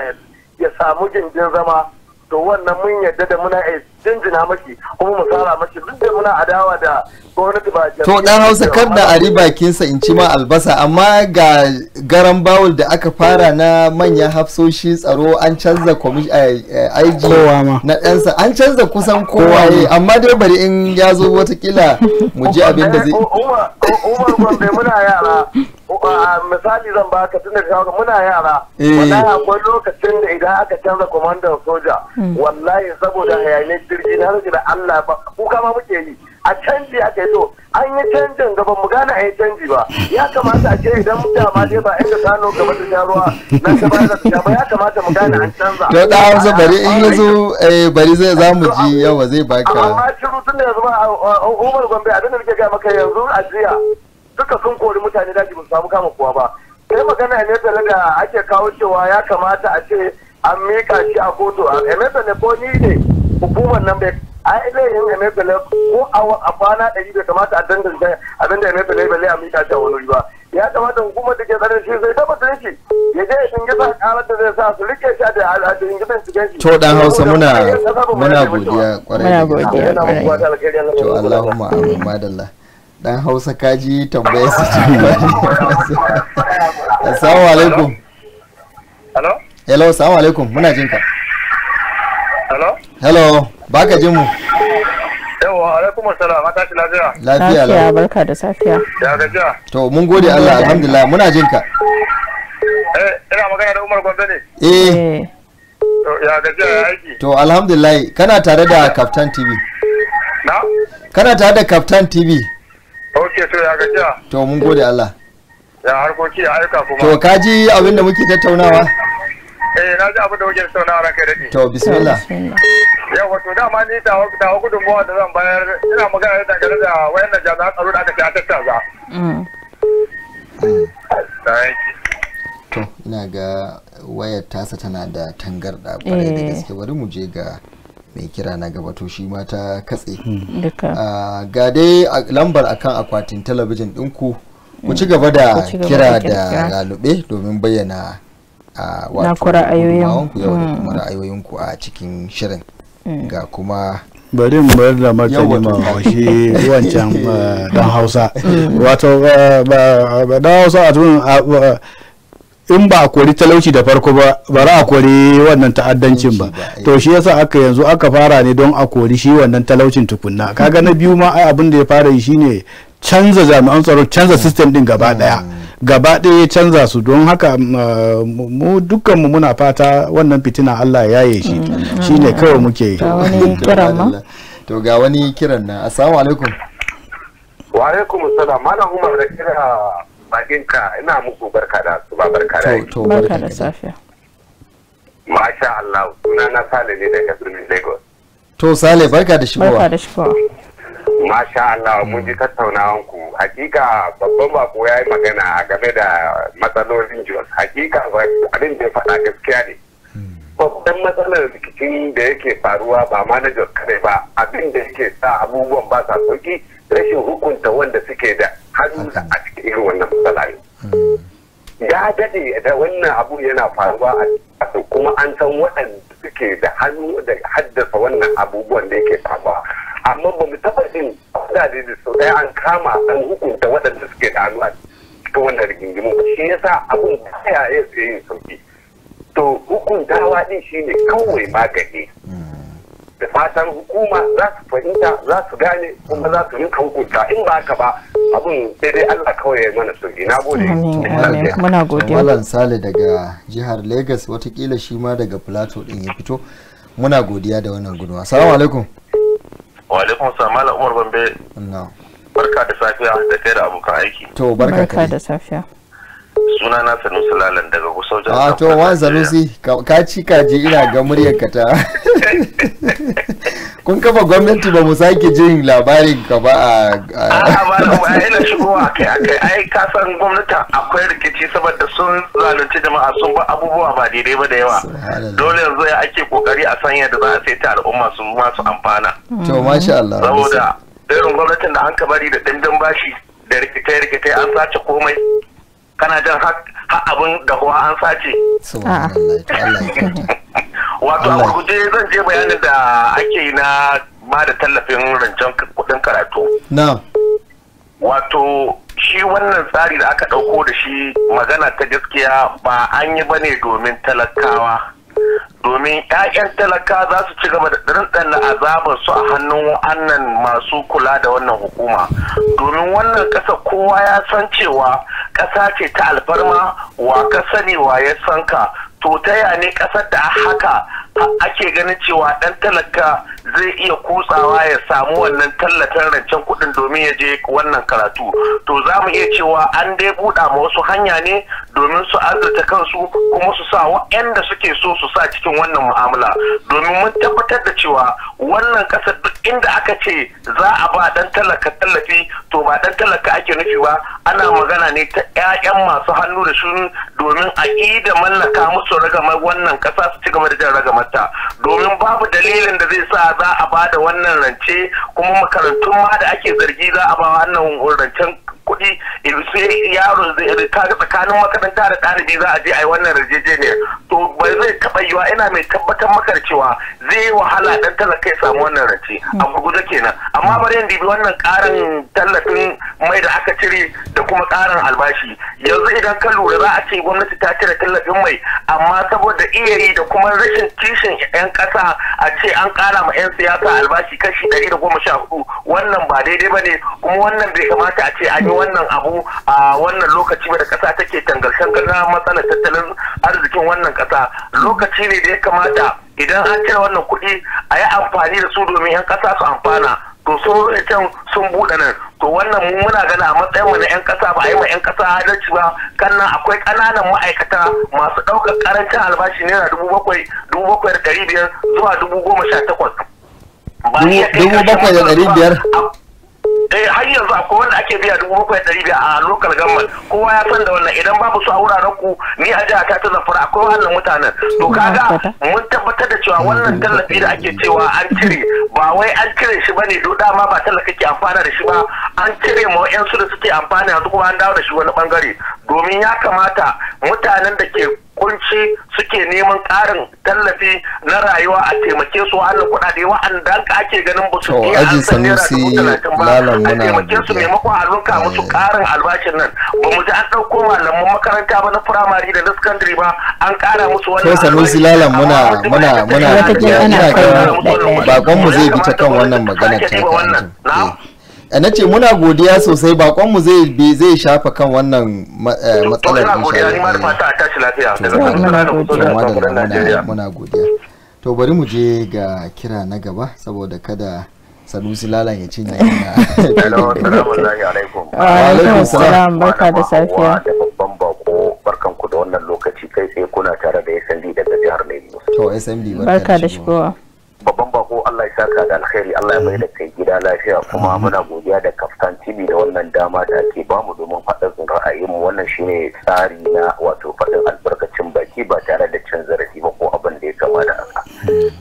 ya samu gindin zama to wannan mun yadda da muna a jinjina mashi kuma mu sara mashi duk da muna adawa da gwamnati ba to dan Hausa kar da ari bakin sa in ci ma eh. albasa amma ga garan bawul da aka fara na manyan hafsoshi tsaro an canza IG eh, eh, na ɗansa an canza kusan kowa ne amma dai bari in ya zo watakila mu ji abin da zai Eh. misali zan baka tun da shawarar muna yara eh. wallahi akwai lokacin da idan aka canza komandan soja hmm. wallahi saboda eh. hayaniyar jirgi na rage da Allah ba kuka ma muke yi a canji aka yi to an yi canjin gaba mu gane a yi canji ba ya kamata a ce idan mu ma dai ba inda gano gaba da jaruwa na ba ya kamata mu gane an canza to da hausa bari in yazo eh bari zai mu ji yawa zai baka amma shiru tun da yanzu ba Umar Gombe abin da nake ga maka yanzu a jiya duka sun kori mutane daji ba samu kama kowa ba sai magana emesa da ake kawo cewa ya kamata a ce an mika shi a kotu a emesa ne ko ni ne hukumar nan bai ai zai yin emesa ne ko a kwana ɗari bai kamata a danganta abin da emesa ne bai a mika shi a wani ba ya kamata hukumar da ke tsarin shi zai tabbatar shi ya je ya a karar da zai sa su rike shi da alhaji ingisan su shi to dan hausa muna muna godiya kwarai muna godiya to Allahumma amin madalla dan hausa kaji tambaya su ci assalamu alaikum hello hello assalamu alaikum muna jin ka hello hello baka jin mu yawa alaikum assalam mata ci lafiya lafiya lafiya barka da safiya ya gajiya to mun gode Allah alhamdulillah muna jin ka eh ina magana da Umar Gombe ne eh, eh. ya gajiya ya aiki to alhamdulillah kana tare da Captain TV na kana tare da Captain TV ok to ya gajiya to mun gode Allah ya harkoki ya aika kuma to ka ji abin da muke tattaunawa eh na ji abin da muke tattaunawa ranka ni. to bismillah yawa to dama ni da da gudunmawa da zan bayar ina magana da dangane da wayannan jami'an tsaro da aka fi a tattaza to ina ga wayar tasa tana da tangarɗa kwarai da eh. gaske bari mu je ga mai kira na gaba to shi ma ta katse hmm. ah, ga dai lambar akan akwatin talabijin ɗinku ku ci hmm. gaba da kira da lalube domin bayyana ah, wato ra'ayoyinku yau da hmm. kuma ra'ayoyinku a cikin shirin ga kuma bari mu bar da martani ma shi wancan ah, dan hausa wato dan hausa a in ba a kori talauci da farko ba ba za a kori wannan ta'addancin ba to shi yasa aka yanzu aka fara ne don a kori shi wannan talaucin tukunna mm. kaga na biyu ma ai abin da ya fara yi shine canza jami'an tsaro canza mm. system din gaba mm. daya gaba ɗaya canza su don haka uh, mu mu muna fata wannan fitina Allah ya yaye shi shine kawai muke yi to ga wani kiran na assalamu alaikum wa alaikum assalam malam Umar da kira bakin ka ina muku barka da su barka da to barka da safiya masha Allah suna na Sale ne daga birnin Lagos to Sale barka da shigowa barka da shigowa masha Allah mun ji mm. tattaunawan ku hakika babban bako ya yi magana game da matsalolin Jos hakika abin da ya faɗa gaskiya ne mm. babban matsalar rikicin da yake faruwa ba ma kare ba abin da yake sa abubuwan ba sa sauki rashin hukunta wanda suke da hannu a cikin irin wannan matsala hmm. ya daɗe da wannan abu yana faruwa a cikin kuma an san waɗanda suke da hannu da haddasa wannan abubuwan da yake faruwa amma ba mu taɓa jin kudade da sau ɗaya an kama an hukunta waɗanda suke da hannu a cikin wannan rigingimu shi yasa abun ba ya yin sauki to hukuntawa ɗin shine kawai magani hmm. da fatan hukuma za su fahimta za su gane kuma za su yi hukunta in ba haka ba abin daidai Allah kawai ya mana sauki na gode muna gode Malam Sale daga jihar Lagos watakila shi ma daga Plateau din ya fito muna godiya da wannan gudunwa assalamu alaikum wa alaikum salam Malam Umar Bambe barka da safiya da kai da abokan aiki to barka da safiya suna na sanusi lalan daga gusau jihar a ah, to wa sanusi ka ci kaji ina ga muryarka ta kun kafa gwamnati ba mu sake jin labarin ka ba a a ina shigowa kai akai ai ka san gwamnatin akwai rikici saboda sun zalunci jama'a sun ba abubuwa ba daidai ba da yawa dole yanzu ya ake kokari a sanya da za a ta al'umma su masu amfana to masha Allah saboda irin gwamnatin da an bari da dindin bashi da rikitai rikitai an sace komai kana jan har abin da kuwa an sace wato a guje zan je bayanin da ake yi na ba da tallafin rancen kudin karatu wato shi wannan tsari da aka ɗauko da shi magana ta gaskiya ba an yi ba ne domin talakawa domin 'ya'yan talaka za su ci gaba da ɗanɗana azabar su a hannun wannan masu kula da wannan hukuma domin wannan ƙasa kowa ya san cewa ƙasa ce ta alfarma wa ka sani wa ya san ka to ta ne ƙasar da haka ake ganin cewa ɗan talaka zai iya kutsawa ya samu wannan tallatan rancen kuɗin domin ya je wannan karatu to za mu iya cewa an dai buɗa ma wasu hanya ne domin su arzata kansu kuma su sa waɗanda suke so su sa cikin wannan mu'amala domin mun tabbatar da cewa wannan ƙasar duk inda aka ce za a ba dan talaka tallafi to ba dan talaka ake nufi ba ana magana ne ta ƴaƴan masu hannu da shuni domin a da mallaka musu ragamar wannan ƙasa su ci gaba da jan ragamarta domin babu dalilin da zai sa za a ba da wannan rance kuma makarantun ma da ake zargi za a ba wannan rancen kuɗi sai yaro tsakanin makaranta da ɗalibi za a je a yi wannan rajejeniya to ba zai taɓa yiwa ina mai tabbatar maka da cewa zai yi wahala dan talaka ya samu wannan rance a gurguza kenan amma bari yadda bi wannan ƙarin tallafin mai da aka cire da kuma ƙarin albashi yanzu idan ka lura za a ce gwamnati ta cire tallafin mai amma saboda iyayi da kuma rashin kishin 'yan ƙasa a ce an ƙara ma 'yan siyasa albashi kashi ɗari da goma sha hudu wannan ba daidai ba ne kuma wannan bai kamata a ce an yi wannan abu a wannan lokaci da kasa take tangarshen na matsalar tattalin arzikin wannan kasa lokaci ne da ya kamata idan an cire wannan kuɗi a yi amfani da su domin 'yan kasa su amfana to sun can sun buɗe nan to wannan mu muna gana a matsayin wani na yan kasa ba a yi ma yan kasa adalci ba kannan akwai ƙananan ma'aikata masu ɗaukar ƙarancin albashi ne na dubu bakwai dubu bakwai da ɗari biyar zuwa dubu goma sha takwas. Dubu bakwai da ɗari biyar. eh har yanzu akwai wanda ake biya dubu bakwai ɗari biya a local government kowa ya san da wannan idan babu su a wuraren ku ni a jiha ta ta zafara akwai wannan mutanen to kaga mun tabbatar da cewa wannan tallafi da ake cewa an cire ba wai an cire shi bane do dama ba tallafi ke amfana da shi ba an cire ma wa'yansu da suke amfana yanzu kuma an dawo da shi wani bangare domin ya kamata mutanen da ke kunci suke neman ƙarin tallafi na rayuwa a taimake su a hannun kuɗaɗe wa'anda ake ganin ba su ke an san naira dubu ba a taimake su maimakon a eh. musu ƙarin albashin nan ba mu ji an ɗauko malaman makaranta ba na firamare da na sakandare ba an ƙara musu wani sanusi lalan muna muna muna muna bakon mu zai bi ta kan wannan magana ta Eh, na ce muna godiya sosai bakonmu zai zai shafa kan wannan eh, matsalar insha Allah muna godiya to bari mu je ga kira na gaba saboda kada sanusi lalan ya cinye ina alaikum salam barka da safiya babban bako barkan ku da wannan lokaci kai tsaye kuna tare da SMB daga jihar Lagos to SMB barka da shigowa mako Allah ya saka da alkhairi Allah ya mai da kai gida lafiya kuma muna godiya da kaftan TV da wannan dama da ke bamu domin faɗin ra'ayinmu wannan shine tsari na wato faɗin albarkacin baki ba tare da cin zarafi ba ko abin da ya kama da haka.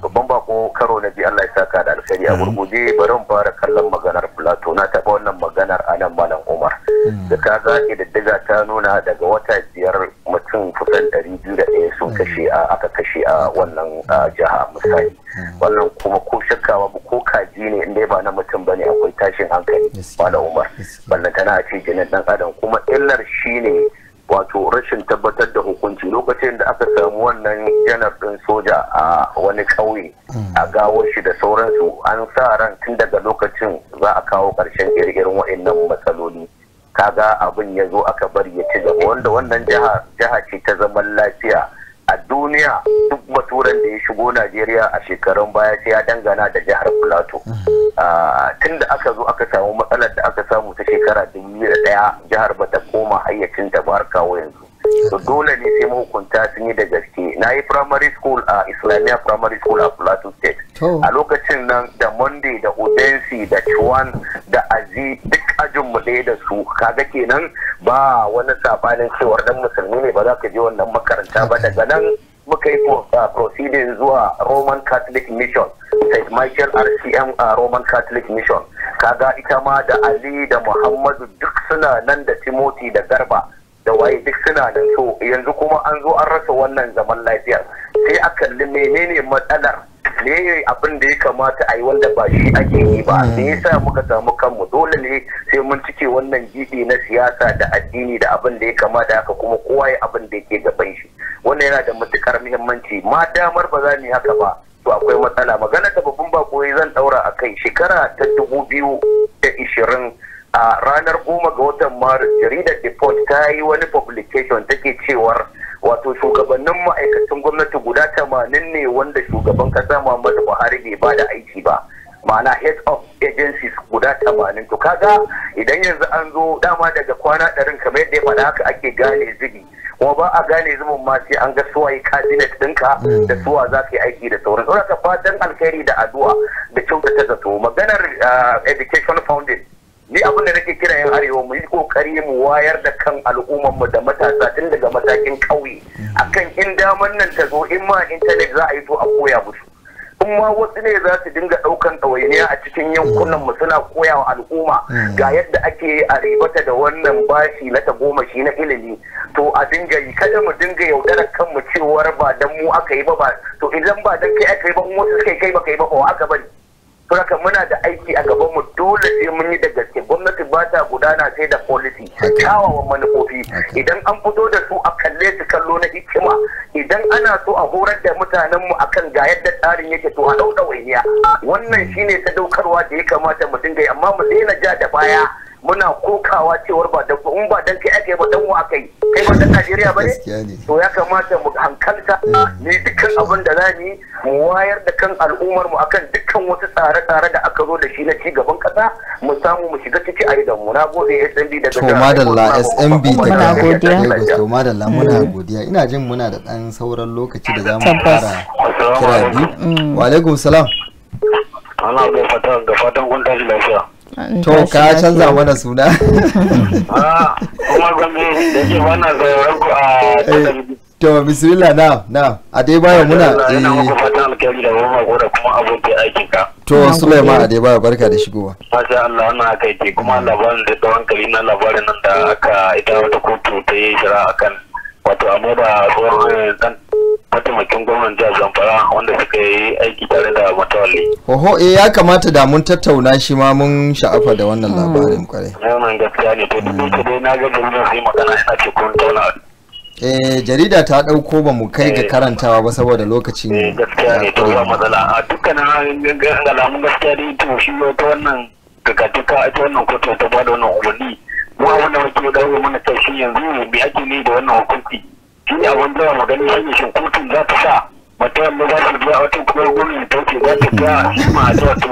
Babban bako karo na biyu Allah ya saka da alkhairi a gurguje bari fara kallon maganar Plato na taɓa wannan maganar a nan Malam Umar. Da ka ga ƙididdiga ta nuna daga wata biyar mutum kusan ɗari biyu da ɗaya sun hmm. kashe a aka kashe a wannan jiha misali hmm. wannan kuma ko shakkawa ba ko kaji ne inda ba na mutum ba ne akwai tashin hankali malam umar wannan tana ce jinin ɗan adam kuma illar shi ne wato rashin tabbatar da hukunci lokacin da aka samu wannan janar ɗin soja a wani ƙauye hmm. a gawar shi da sauransu an sa ran tun daga lokacin za a kawo ƙarshen irin waɗannan matsaloli kaga abin ya zo aka bari ya ci gaba wanda wannan jiha ce ta zaman lafiya a duniya duk maturan da ya shigo najeriya a shekarun baya sai ya dangana da jihar plateau mm-hmm. ah, tun da aka zo aka samu matsalar da aka samu ta shekara dubu da daya jihar bata koma hayyacinta ba har yanzu to dole ne sai mahukunta sun yi da gaske na yi primary school a islamiyya primary school a plateau state a lokacin nan da monday da odensi da chuan da azi duk ajin mu ɗaya da su kaga kenan ba wani sabanin cewar dan musulmi ne ba za ka je wannan makaranta ba daga nan muka yi proceeding zuwa roman catholic mission st michael rcm a roman catholic mission kaga ita ma da ali da muhammadu duk suna nan da timoti da garba da waye duk suna da so yanzu kuma an zo an rasa wannan zaman lafiyar sai a kalli menene matsalar ne abin da ya kamata a yi wanda ba shi ake yi ba hmm. me ya sa muka samu kanmu dole ne sai mun cike wannan gidi na siyasa da addini da abin da ya kamata haka kuma kowa ya abin da yake gaban shi wannan yana da matukar muhimmanci ma damar ba za mu yi haka ba to akwai matsala magana da babban bako eh, zan daura a kai shekara ta dubu biyu da ishirin a ranar goma ga watan maris jaridar deport ta yi wani publication take cewar wato shugabannin ma'aikatan gwamnati guda tamanin ne wanda shugaban kasa muhammadu buhari bai ba da aiki ba ma'ana head of agencies guda tamanin to kaga idan yanzu an zo dama daga kwana ɗarin kamar yadda ya faɗa haka ake gane zubi kuma ba a gane zubin ma sai an ga yi kabinet ɗinka hmm. da suwa za ka yi aiki da sauran saboda fatan alkhairi da addu'a da kyautata zato maganar ah, education foundation ni abin da nake kira yin arewa mu yi kokari mu wayar da kan al'ummar mu da matasa tun daga matakin ƙauye mm. akan in daman nan ta zo in ma intanet za a yi to a koya musu in ma wasu ne za su dinga ɗaukan ɗawainiya a cikin yankunan mu suna koya wa al'umma mm. ga yadda ake a da wannan bashi na shi na ilimi to a dinga yi kada mu dinga yaudarar kanmu cewar ba dan mu aka yi ba ba to idan ba dan kai aka yi ba wasu suka kai ba kai ba ko aka bari saboda muna da aiki a gaban mu dole sai mun yi da gaske gwamnati ba ta gudana sai da policy kyawawan manufofi idan an fito da su a kalle su kallo na hikima idan ana so a horar da mutanen mu akan ga yadda tsarin yake to a dau dawainiya wannan hmm. shine ta sadaukarwa da ya kamata mu dinga yi amma mu daina ja da baya muna kokawa cewar ba dan in ba dan kai aka yi ba dan wa aka yi kai ba dan Najeriya ba ne to ya kamata mu hankalta ne eh. dukkan abin da za mu mu wayar da kan al'ummar mu akan dukkan wasu tsare-tsare da aka zo da shi na ci gaban kasa mu samu mu shiga ciki a yi da mu na gode SMB daga to madalla SMB daga Lagos to madalla muna eh. godiya ina jin muna da dan sauran lokaci da zamu fara kira bi wa alaikum salam ana ga fatan ga fatan kun tashi lafiya to ka canza mana suna ah, kuma ke ku a eh, to bismillah na na a dai baya muna ina eh. muku fata alkhairi ko da kuma to Sulaiman a dai baya barka da shigowa masha Allah wannan aka yi kuma mm. labarin da tsawon kali na labarin nan da aka ita wata kotu ta yi shira akan wato amma da tsohon eh, mataimakin gwamnan jihar zamfara wanda suka yi aiki tare da matawali. oho eh ya kamata da mun tattauna shi ma mun sha'afa da wannan hmm. labarin kwarai wannan gaskiya ne to duk da dai na ga gwamnan sai magana yana ce kun tauna eh jarida ta dauko ba mu kai ga eh. karantawa ba saboda lokacin eh gaskiya ne to ba matsala a dukkanin alamun gaskiya dai to shi ta wannan gagaduka ita wannan kotu ta bada wannan umarni mu wakilin da muke mana kai shi yanzu me ake ne da wannan hukunci shi ne abin da magani shi ne shin kotun za ta sa mutum da za su biya wata kuma gwamnati ta ce za ta biya shi ma da wato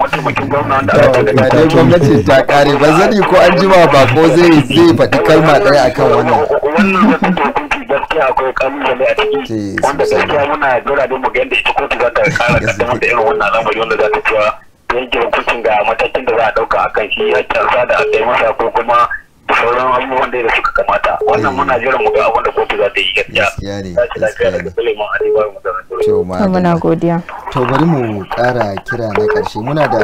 mataimakin gwamna wanda aka daga dai gwamnati ta kare ba zani ko an jima ba ko zai zai faɗi kalma ɗaya akan wannan wannan wata dokoki gaskiya akwai kalubale a ciki wanda gaskiya muna jira da mu ga yadda ita kotu za ta kara kaddamar da irin wannan al'amari wanda za ta cewa yanke hukuncin ga matakin da za a ɗauka akan shi ya canza da a masa ko kuma sauran abubuwan da suka kamata wannan eh. muna jiran mu ga wanda da kotu za ta yi gaskiya ne gaskiya ne to muna godiya to bari mu kara kira na karshe muna da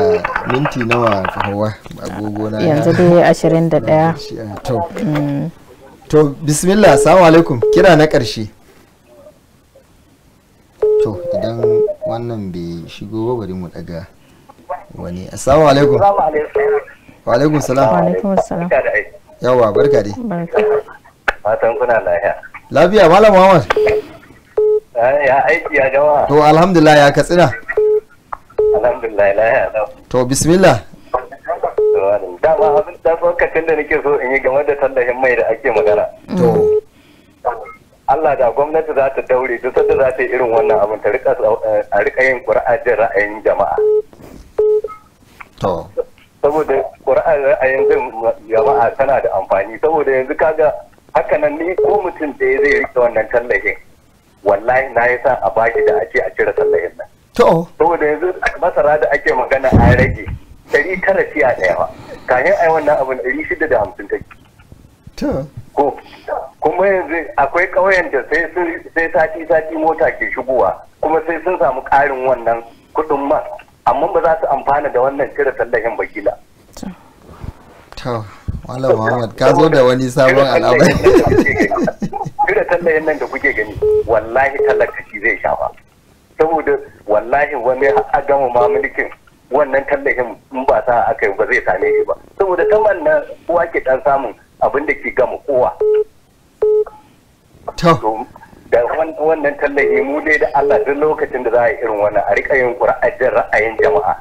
minti nawa hawa agogo na yanzu dai ashirin da daya. Mm. to bismillah assalamu alaikum kira na karshe to idan wannan bai shigo ba bari mu daga wani assalamu alaikum wa alaikum salam wa alaikum salam yawa barka dai fatan kuna lafiya lafiya malam muhammad eh, ya aiki ya gawa to alhamdulillah ya katsina alhamdulillah lafiya to bismillah dama abin da lokacin da nake so in yi game da tallafin mai da ake magana to Allah da gwamnati za ta daure duk da za ta yi irin wannan abin ta rika eh, yin ƙura'ajin ra'ayin jama'a to saboda ƙura'an ra'ayin bin jama'a tana da amfani saboda yanzu kaga haka nan ni ko mutum da zai rike wannan tallafin wallahi na yi sa a baki da a ce a cire tallafin nan. To. Saboda yanzu masara da ake magana a rage ɗari tara fiya ɗaya ba kayan ai wannan abin ɗari shida da hamsin take. To. Ko kuma yanzu akwai ƙauyen da sai sai sati sati mota ke shigowa kuma sai sun samu ƙarin wannan kuɗin ma amma ba za su amfana da wannan cire tallafin bakila. to malam muhammad ka zo da wani sabon al'amari cire tallafin nan da kuke gani wallahi talaka shi zai shafa saboda wallahi wani a gama mamalikin wannan tallafin in ba sa aka yi ba zai same shi ba saboda ta wannan uwa ke dan samun abin da ke gama kowa da wannan tallafi mu dai da Allah duk lokacin da za a yi irin wannan a rika yin ƙura'ajin ra'ayin jama'a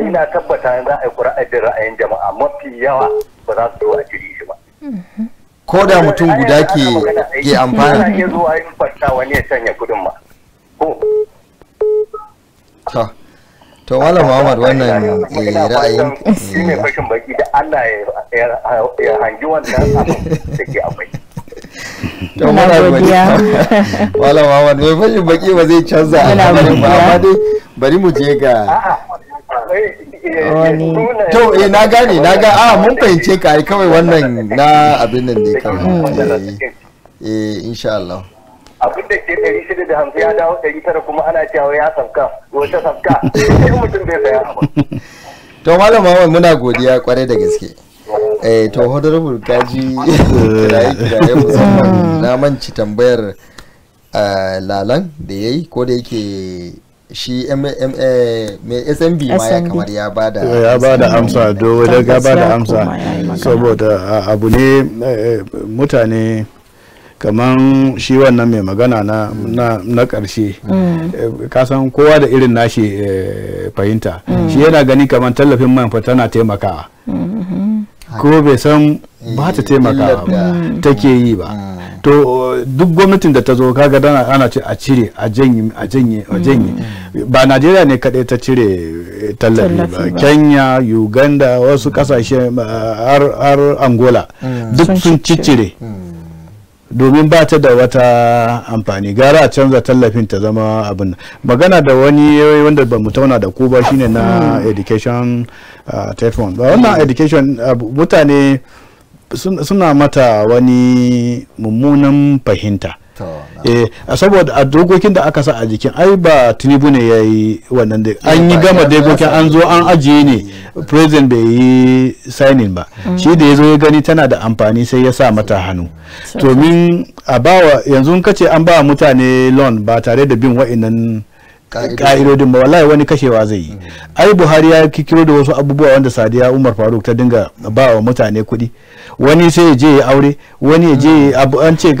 ina na tabbata za a yi ƙura'ajin ra'ayin jama'a mafi yawa ba za su zo a jiri shi ba mm-hmm. ko da mutum guda ke ke amfana ya zo a yi fasta wani ya canya kuɗin ma to to wala Muhammad wannan eh, ra'ayin shi ne eh. fashin baki da Allah ya hangi wannan abin da ke akwai muna godiya wala mawan mai fashin baki ba zai canza a kamarin ba amma dai bari mu je ga to eh na gane na ga a ah, mun fahimce ka ai kawai wannan na abin nan ne kawai hmm. eh, eh insha Allah abin da ke ɗari shida da hamsin ya dawo ɗari tara kuma ana cewa ya sabka wata sabka sai mutum bai saya ba to malama muna godiya kware da gaske eh to honorable kaji na manci tambayar eh, lalan da ya yi ko da yake shi eh, smb ma ya kamar ya bada eh, ya bada amsa dogo da ya bada amsa saboda abu ne mutane kaman shi wannan mai magana na na karshe mm. kasan kowa da irin nashi fahimta mm. shi yana gani kamar tallafin man tana taimakawa mm-hmm. ko bai san ba ta eh, taimaka take yi ba mm. to duk gwamnatin da ta zo kaga dana ana ce a cire a janye a janye a mm. janye ba najeriya ne kadai ta cire eh, tallafi ba kenya uganda wasu kasashe har angola mm. duk sun ciccire domin ba ta da wata amfani gara a canza tallafin ta zama abin magana da wani wanda ba mu tauna da ku ba shine na education ah, telephone ba wannan education ah, mutane suna mata wani mummunan fahimta eh saboda a dokokin da aka sa a jikin ai ba tinubu ne ya yi wannan da an yi gama dokokin an zo an ajiye ne president bai yi signing ba mm. shi da ya zo ya gani tana da amfani sai ya sa mata hannu min a bawa yanzu kace an ba mutane loan ba tare da bin wa'innan ka'idodin ba wallahi wani kashewa zai yi mm. ai buhari ya kikiro da wasu abubuwa wanda sadiya umar faruk ta dinga ba wa mutane kuɗi wani sai ya je ya aure wani ya je mm. an ce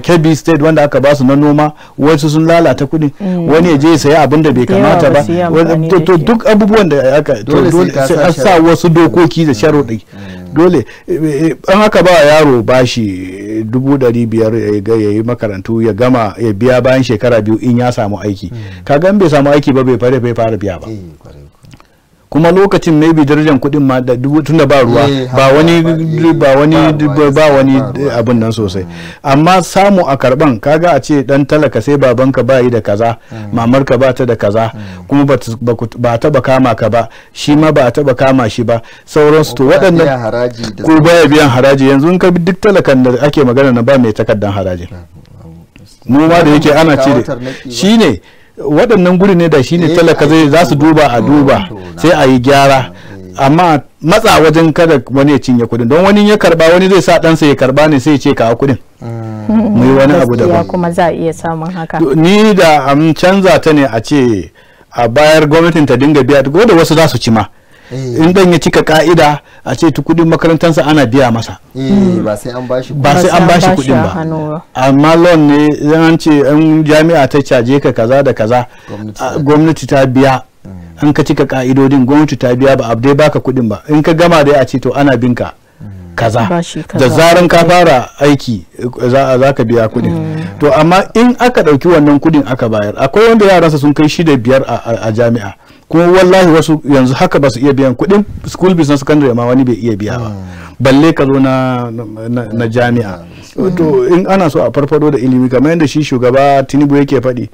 kebbi state wanda aka ba su na noma wasu sun lalata kuɗi mm. wani ya je ya sayi abin da bai kamata ba duk abubuwan da aka to sa wasu dokoki da sharuɗi dole an haka ba yaro bashi eh, dubu dari biyar ya yi makarantu ya gama ya biya bayan shekara biyu in ya samu aiki hmm. kaga bai samu aiki ba bai fara biya ba eh, kuma lokacin bi darajar kuɗin ma da tunda ba ruwa eh, ba wani ba wani ba wani abin nan sosai amma samu a karban kaga a ce dan talaka sai babanka ba yi da kaza hmm. mamarka ba ta da kaza hmm. kuma ba taba kama ka ba shi ma ba taba kama shi ba sauran su to waɗannan ko baya biyan haraji yanzu in ka bi duk talakan da ake magana na ba mai takardan haraji hmm. mu ma da yake ana cire shine waɗannan guri ne da shi ne eh, talaka zai za su duba a duba sai a yi gyara eh. amma matsa wajen kada wani ya cinye kuɗin don wani ya karba wani zai sa ɗansa ya karba ne sai ya ce ka kudin hmm. mu yi wani abu daban a iya ni da am canza ta ne a ce a bayar gwamnatin ta dinga biya ko da wasu za su ci ma Eh. in dan ya cika ka'ida a ce tu kudin makarantarsa ana biya masa eh, hmm. ba sai an bashi kudin ba amma loan ne zan ce an jami'a ta caje ka kaza da kaza gwamnati ta biya an hmm. ka cika ka'idodin gwamnati ta biya ba abdai baka kudin ba in ka gama dai a ce to ana binka hmm. kaza da zaran ka fara aiki za ka biya kudin to amma in aka ɗauki wannan kudin aka bayar akwai wanda yaransa sun kai shi da biyar a jami'a ko wallahi wasu yanzu haka ba su iya biyan kuɗin school na secondary ma wani bai iya biya ba balle ka zo na na jami'a to in ana so a farfado da ilimi kamar yadda shi shugaba tinubu yake faɗi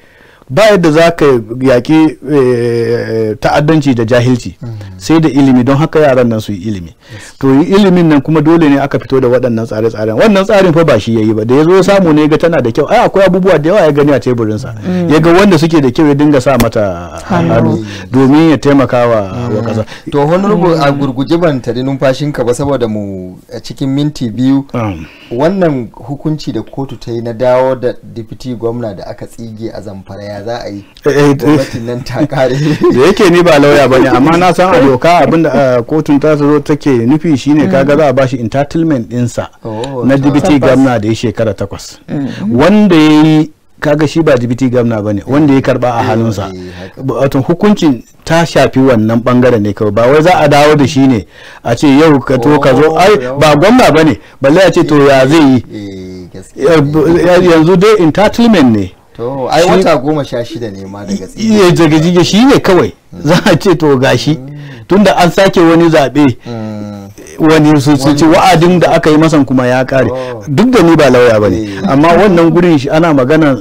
ba yadda za ka yaƙi eh, ta'addanci da jahilci sai da ilimi don haka yaran nan su yi ilimi to ilimin nan kuma dole ne aka fito da waɗannan tsare-tsaren wannan tsarin fa ba shi yayi ba da ya zo samu ne ga tana da kyau ai akwai abubuwa da yawa ya gani a teburinsa mm. ya ga wanda suke da kyau ya dinga sa mata hannu domin ya taimaka wa mm. ƙasa to honorable mm. a gurguje ban tare ka ba saboda mu a cikin minti biyu wannan hukunci da kotu ta yi na dawo da deputy gwamna da aka tsige a zamfara ya za a yi eh, eh, gwamnatin nan ta kare da yake ni ba lauya ba ne amma na san a doka abinda eh, kotun ta zo take nufi shine kaga za a bashi entitlement dinsa oh, na dibiti gamna da ya shekara takwas mm. wanda ya yi kaga shi ba dibiti gamna ba ne wanda ya karba a hannunsa wato hukuncin ta shafi wannan bangare ne kawai ba wai za a dawo da shi ne a ce yau ka to ka zo oh, ai ba gwamna ba ne balle a ce to ya zai yi yanzu dai entitlement ne to ai wata goma sha shida ne ma daga tsiye shi ne kawai za a ce to gashi tunda an sake wani zaɓe hmm. wani su ci wa'adin da aka yi masan kuma ya kare oh. duk da ni ba lauya ba ne eh. amma wannan gurin shi ana magana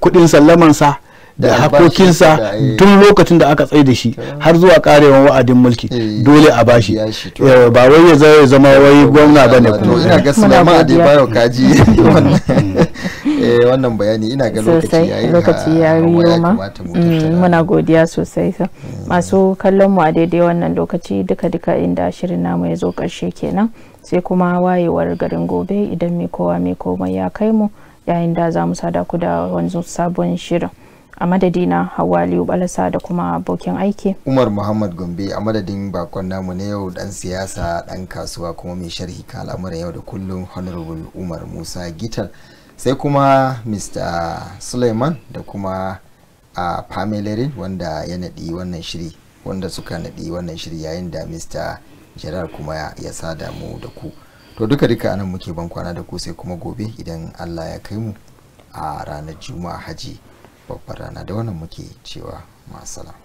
kuɗin sallamansa da hakokinsa eh. tun lokacin da aka tsaye da shi har zuwa karewan wa'adin mulki eh, dole a bashi ba wai ya zai zama wai gwamna ba ne kuma ina ga kaji mm. eh, wannan bayani ina ga lokaci yayi lokaci ya yi mm, muna godiya sosai mm. masu kallon mu a daidai wannan lokaci duka duka inda shirin namu ya zo karshe kenan sai kuma wayewar garin gobe idan mai kowa mai komai ya kai mu yayin da za mu sada ku da wani sabon shirin a madadina hawa aliyu balasa da kuma abokin aiki umar muhammad gombe a madadin bakon namu na yau dan siyasa dan kasuwa kuma mai sharhi kan al'amuran yau da kullum honorable umar musa gital sai kuma mr suleiman da kuma a pamelerin wanda ya nadi wannan shiri wanda suka naɗi wannan shiri yayin da mr gerard kuma ya sa damu da ku to duka duka anan muke ban kwana da ku sai kuma gobe idan allah ya kai mu a ranar juma'a haji babbar rana da wannan muke cewa masala.